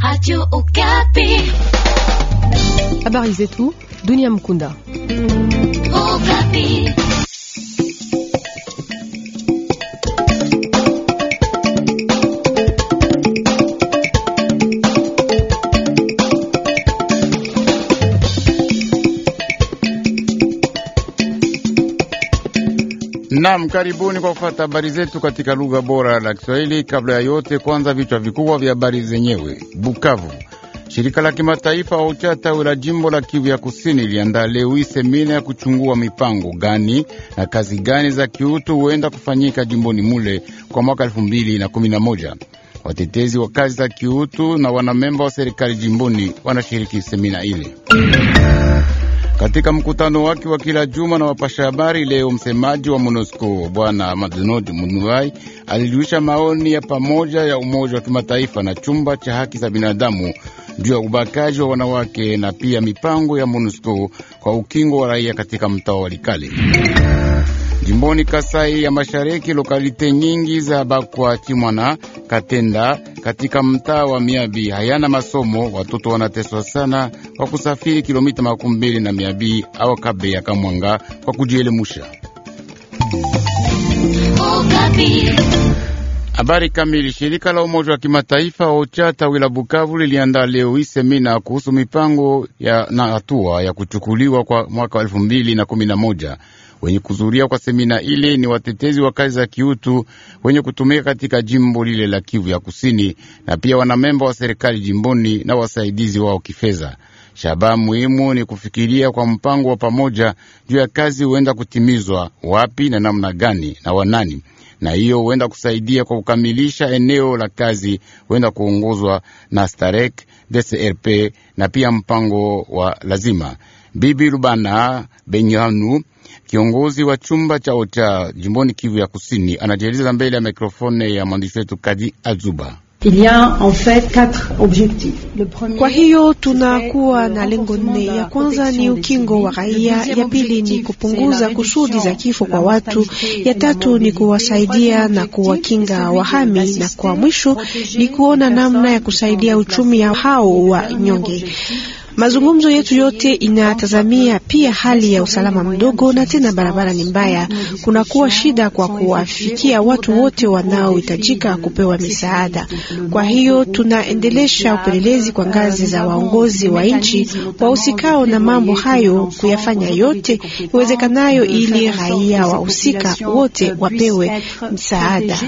Radio Okapi. Habari zetu, Dunia Mkunda. Okapi. Naam, karibuni kwa kufata habari zetu katika lugha bora la Kiswahili. Kabla ya yote, kwanza vichwa vikubwa vya habari zenyewe. Bukavu, shirika la kimataifa wa uchata la jimbo la Kivu ya Kusini liandaa leo hii semina ya kuchungua mipango gani na kazi gani za kiutu huenda kufanyika jimboni mule kwa mwaka elfu mbili na kumi na moja. Watetezi wa kazi za kiutu na wanamemba wa serikali jimboni wanashiriki semina ile. Katika mkutano wake wa kila juma na wapasha habari leo, msemaji wa MONUSCO bwana Madinod Munuai alijulisha maoni ya pamoja ya Umoja wa Kimataifa na chumba cha haki za binadamu juu ya ubakaji wa wanawake na pia mipango ya MONUSCO kwa ukingo wa raia katika mtaa wa Likale. Jimboni Kasai ya Mashariki, lokalite nyingi za Bakwa, Chimwana, Katenda katika mtaa wa Miabi hayana masomo. Watoto wanateswa sana kwa kusafiri kilomita makumi mbili na Miabi au Kabeya Kamwanga kwa kujielemusha. Habari kamili. Shirika la Umoja wa Kimataifa OCHA tawila Bukavu liliandaa leo hii semina kuhusu mipango ya na hatua ya kuchukuliwa kwa mwaka wa elfu mbili na kumi na moja Wenye kuzuria kwa semina ile ni watetezi wa kazi za kiutu wenye kutumika katika jimbo lile la Kivu ya Kusini, na pia wanamemba wa serikali jimboni na wasaidizi wao kifedha. Shabaha muhimu ni kufikiria kwa mpango wa pamoja juu ya kazi huenda kutimizwa wapi na namna gani na wanani, na hiyo huenda kusaidia kwa kukamilisha eneo la kazi huenda kuongozwa na Starek DCRP na pia mpango wa lazima Bibi rubana Benyanu, kiongozi wa chumba cha OCHA jimboni Kivu ya Kusini, anajieleza mbele ya mikrofone ya mwandishi wetu Kadi Azuba. Kwa hiyo tunakuwa na lengo nne. Ya kwanza ni ukingo wa raia, ya pili ni kupunguza kusudi za kifo kwa watu, ya tatu ni kuwasaidia na kuwakinga wahami, na kwa mwisho ni kuona namna ya kusaidia uchumi hao wa nyonge. Mazungumzo yetu yote inatazamia pia hali ya usalama mdogo, na tena barabara ni mbaya, kunakuwa shida kwa kuwafikia watu wote wanaohitajika kupewa misaada. Kwa hiyo tunaendelesha upelelezi kwa ngazi za waongozi wa nchi wahusikao na mambo hayo, kuyafanya yote iwezekanayo ili raia wahusika wote wapewe msaada.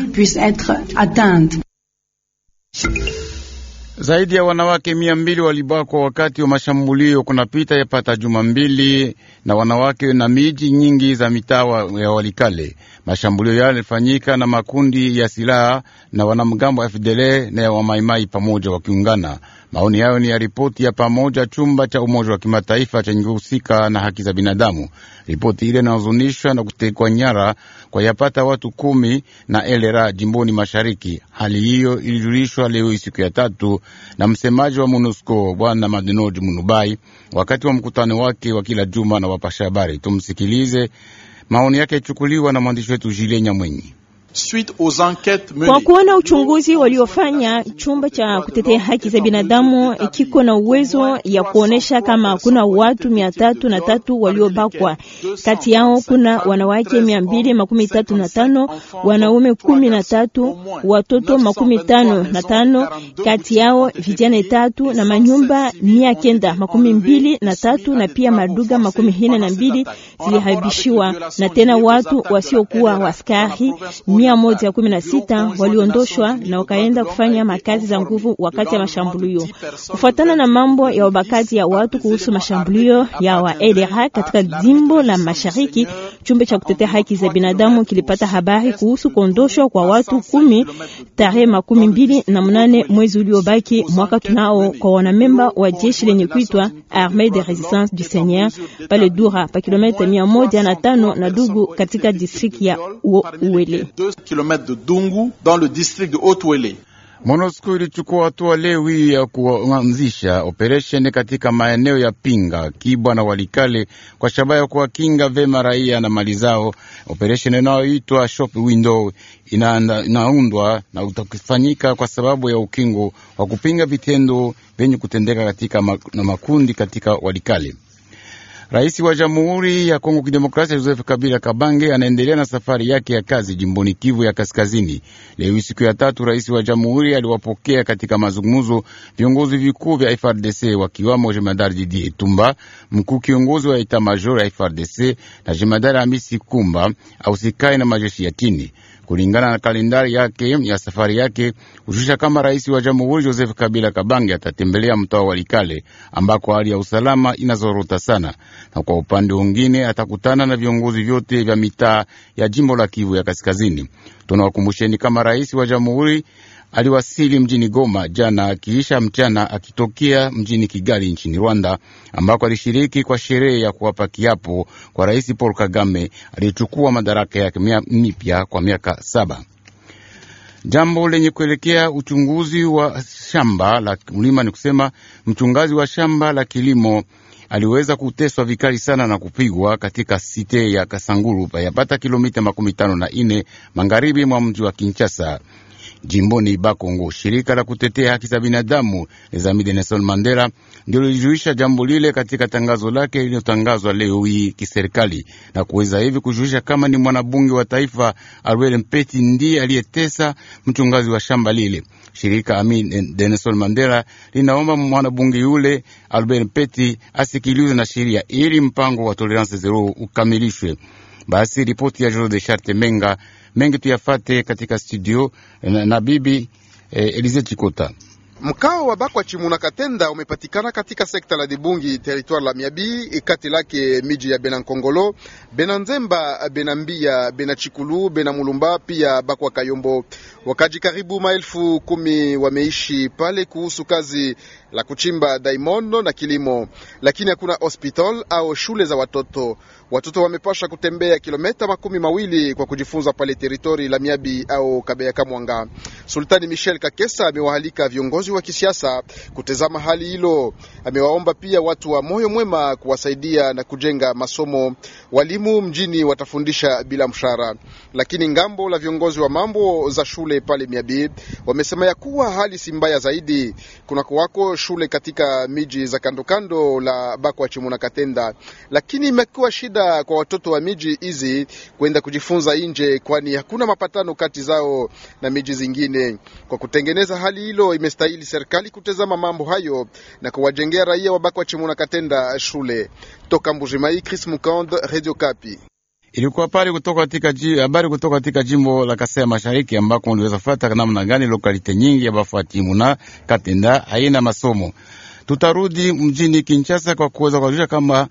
Zaidi ya wanawake mia mbili walibakwa wakati wa mashambulio kunapita yapata juma mbili na wanawake na miji nyingi za mitaa ya Walikale. Mashambulio yale yalifanyika na makundi ya silaha na wanamgambo wa FDL na ya Wamaimai pamoja wakiungana Maoni hayo ni ya ripoti ya pamoja chumba cha Umoja wa Kimataifa chenye kuhusika na haki za binadamu. Ripoti ile inahuzunishwa na kutekwa nyara kwa yapata watu kumi na elera jimboni mashariki. Hali hiyo ilijulishwa leo hii siku ya tatu na msemaji wa MONUSCO Bwana Madinoj Munubai wakati wa mkutano wake wa kila juma na wapasha habari. Tumsikilize maoni yake, yachukuliwa na mwandishi wetu Jile Nyamwenyi. Kwa kuona uchunguzi waliofanya, chumba cha kutetea haki za binadamu kiko na uwezo ya kuonesha kama kuna watu mia tatu na tatu waliobakwa. Kati yao kuna wanawake mia mbili makumi tatu na tano wanaume kumi na tatu watoto makumi tano na tano kati yao vijana tatu na manyumba mia kenda makumi mbili na tatu na pia maduga makumi hine na mbili ziliharibishiwa na tena watu wasiokuwa waskari mia moja kumi na sita waliondoshwa na wakaenda kufanya makazi za nguvu wakati ya mashambulio. Kufuatana na mambo ya ubakaji ya watu kuhusu mashambulio ya wa EDRA katika jimbo la mashariki Chumba cha kutetea haki za binadamu kilipata habari kuhusu kuondoshwa kwa watu kumi tarehe makumi mbili na mnane mwezi uliobaki mwaka tunao kwa wanamemba wa jeshi lenye kuitwa Armee de Resistance du Seigneur pale Dura pa kilometa mia moja na tano na Dugu katika district ya Uele. MONUSCO ilichukua hatua leo hii ya kuanzisha operesheni katika maeneo ya Pinga, Kibwa na Walikale kwa shabaha ya kuwakinga vema raia na mali zao. Operesheni inayoitwa Shop Window inaundwa na utakifanyika kwa sababu ya ukingo wa kupinga vitendo vyenye kutendeka katika na makundi katika Walikale. Rais wa Jamhuri ya Kongo Kidemokrasia Joseph Kabila Kabange anaendelea na safari yake ya kazi jimboni Kivu ya Kaskazini. Leo siku ya tatu, rais wa jamhuri aliwapokea katika mazungumzo viongozi vikuu vya FRDC wakiwamo jemadari Didi Etumba, mkuu kiongozi wa etat major ya FRDC na jemadari amisi Kumba ausikae na majeshi ya chini kulingana na kalendari yake ya safari yake ushusha kama rais wa jamhuri Joseph Kabila Kabange atatembelea mtaa wa Walikale ambako hali ya usalama inazorota sana, na kwa upande mwingine atakutana na viongozi vyote vya mitaa ya jimbo la Kivu ya Kaskazini. Tunawakumbusheni kama rais wa jamhuri aliwasili mjini Goma jana akiisha mchana akitokea mjini Kigali nchini Rwanda, ambako alishiriki kwa sherehe ya kuwapa kiapo kwa Rais Paul Kagame aliyechukua madaraka yake mipya kwa miaka saba jambo lenye kuelekea uchunguzi wa shamba la mlima. Ni kusema mchungaji wa shamba la kilimo aliweza kuteswa vikali sana na kupigwa katika site ya Kasangulu, payapata kilomita makumi tano na ine magharibi mwa mji wa Kinshasa jimboni Bakongo. Shirika la kutetea haki za binadamu Ezamide Nelson Mandela ndio lijuisha jambo lile katika tangazo lake lililotangazwa leo hii kiserikali, na kuweza hivi kujuisha kama ni mwanabunge wa taifa Aruel Mpeti ndiye aliyetesa mchungazi wa shamba lile. Shirika Amin Denison Mandela linaomba mwanabunge yule Albert Peti asikilizwe na sheria ili mpango wa tolerance zero ukamilishwe. Basi ripoti ya Joro de Charte Menga mengi tuyafate katika studio eh, na, na bibi eh, Elize Chikota. Mkao wa Bakwa Chimuna Katenda umepatikana katika sekta la Dibungi territoire la Miabi, kati lake miji ya Benankongolo, Benanzemba, Benambia, Benachikulu, Benamulumba pia Bakwa Kayombo. Wakaji karibu maelfu kumi wameishi pale kuhusu kazi la kuchimba daimondo na kilimo, lakini hakuna hospital au shule za watoto. Watoto wamepasha kutembea kilometa makumi mawili kwa kujifunza pale teritori la Miabi au Kabeya Kamwanga. Sultani Michel Kakesa amewahalika viongozi wa kisiasa kutazama hali hilo. Amewaomba pia watu wa moyo mwema kuwasaidia na kujenga masomo. Walimu mjini watafundisha bila mshahara, lakini ngambo la viongozi wa mambo za shule pale Miabi wamesema ya kuwa hali si mbaya zaidi. Kuna kuwako shule katika miji za kandokando la Bakwa, na Katenda, lakini imekuwa shida kwa watoto wa miji hizi kwenda kujifunza nje, kwani hakuna mapatano kati zao na miji zingine. Kwa kutengeneza hali hilo imestahili ili serikali kutazama mambo hayo na kuwajengea raia wa Bakwa Chimuna Katenda shule. Toka Mbujimai, Chris Mukonde, Radio Kapi. Ilikuwa habari kutoka katika jimbo la Kasai Mashariki ambako mliweza kufuata namna gani lokalite nyingi ya Bafuatimuna Katenda haina masomo. Tutarudi mjini Kinshasa kwa kuweza kujulisha kama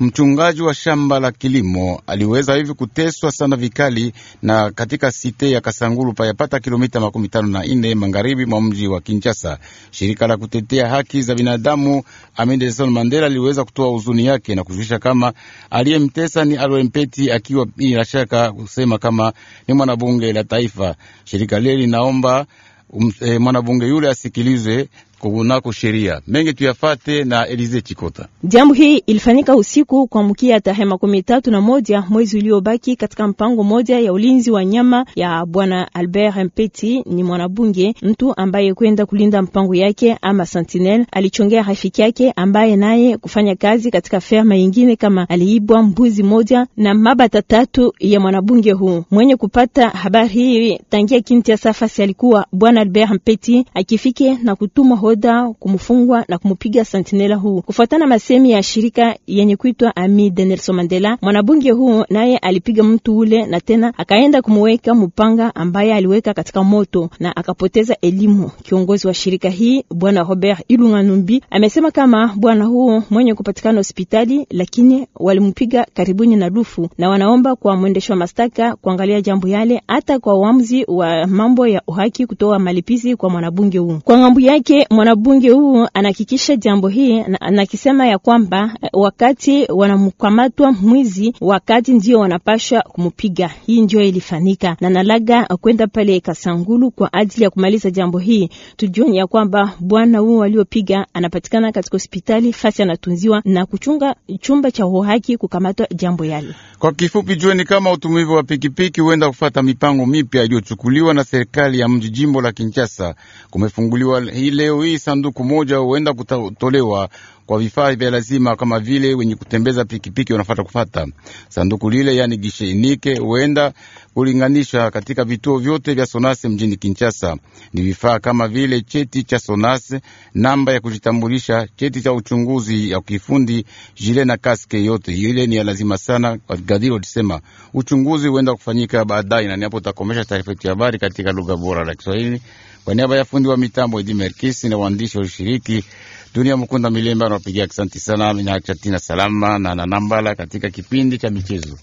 mchungaji wa shamba la kilimo aliweza hivi kuteswa sana vikali na katika site ya Kasangulu payapata kilomita makumi tano na nne magharibi mwa mji wa Kinshasa. Shirika la kutetea haki za binadamu Amin Mandela aliweza kutoa huzuni yake na kujulisha kama aliyemtesa ni Alwempeti, akiwa bila shaka kusema kama ni mwanabunge la taifa. Shirika lile linaomba um, eh, mwanabunge yule asikilizwe kunako sheria mengi tuyafate na Elize Chikota. Jambo hii ilifanyika usiku kwa mkia tarehe makumi tatu na moja mwezi uliobaki katika mpango moja ya ulinzi wa nyama ya bwana Albert Mpeti. Ni mwanabunge mtu ambaye kwenda kulinda mpango yake ama Sentinel alichongea rafiki yake ambaye naye kufanya kazi katika ferma yingine, kama aliibwa mbuzi moja na mabata tatu ya mwanabunge huu. Mwenye kupata habari hii tangia Kinshasa alikuwa bwana Albert Mpeti akifike na kutuma bodaboda kumfungwa na kumupiga sentinela huu. Kufuatana masemi ya shirika yenye kuitwa Ami de Nelson Mandela, mwanabunge huo naye alipiga mtu ule na tena akaenda kumuweka mupanga ambaye aliweka katika moto na akapoteza elimu. Kiongozi wa shirika hii bwana Robert Ilunga Numbi amesema kama bwana huo mwenye kupatikana hospitali, lakini walimpiga karibuni na rufu na wanaomba kwa mwendesho wa mastaka kuangalia jambo yale, hata kwa uamuzi wa mambo ya uhaki kutoa malipizi kwa mwanabunge huo kwa ngambo yake mwanabunge huu anahakikisha jambo hii na akisema ya kwamba eh, wakati wanamkamatwa mwizi, wakati ndio wanapashwa kumpiga. Hii ndio ilifanyika na nalaga kwenda pale Kasangulu kwa ajili ya kumaliza jambo hii. Tujuoni ya kwamba bwana huu waliopiga anapatikana katika hospitali fasi anatunziwa na kuchunga chumba cha uhaki kukamatwa jambo yale. Kwa kifupi, jueni kama utumivu wa pikipiki huenda kufata mipango mipya iliyochukuliwa na serikali ya mji jimbo la Kinshasa kumefunguliwa hii leo hii sanduku moja huenda kutolewa kwa vifaa vya lazima kama vile wenye kutembeza pikipiki wanafata kufata sanduku lile, yani gishe inike, huenda kulinganisha katika vituo vyote vya Sonase mjini Kinshasa. Ni vifaa kama vile cheti cha Sonase, namba ya kujitambulisha, cheti cha uchunguzi ya kifundi, jile na kaske. Yote ile ni ya lazima sana. Gadiro alisema uchunguzi huenda kufanyika baadaye, na niapo takomesha taarifa ya habari katika lugha bora la Kiswahili. Kwa niaba ya fundi wa mitambo Edi Merkisi na waandishi wa ushiriki Dunia Mkunda Milemba anawapigia asanti sana, minaacha tina salama na nanambala katika kipindi cha michezo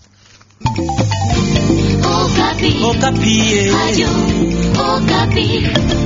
Okapi. Okapi. Eh.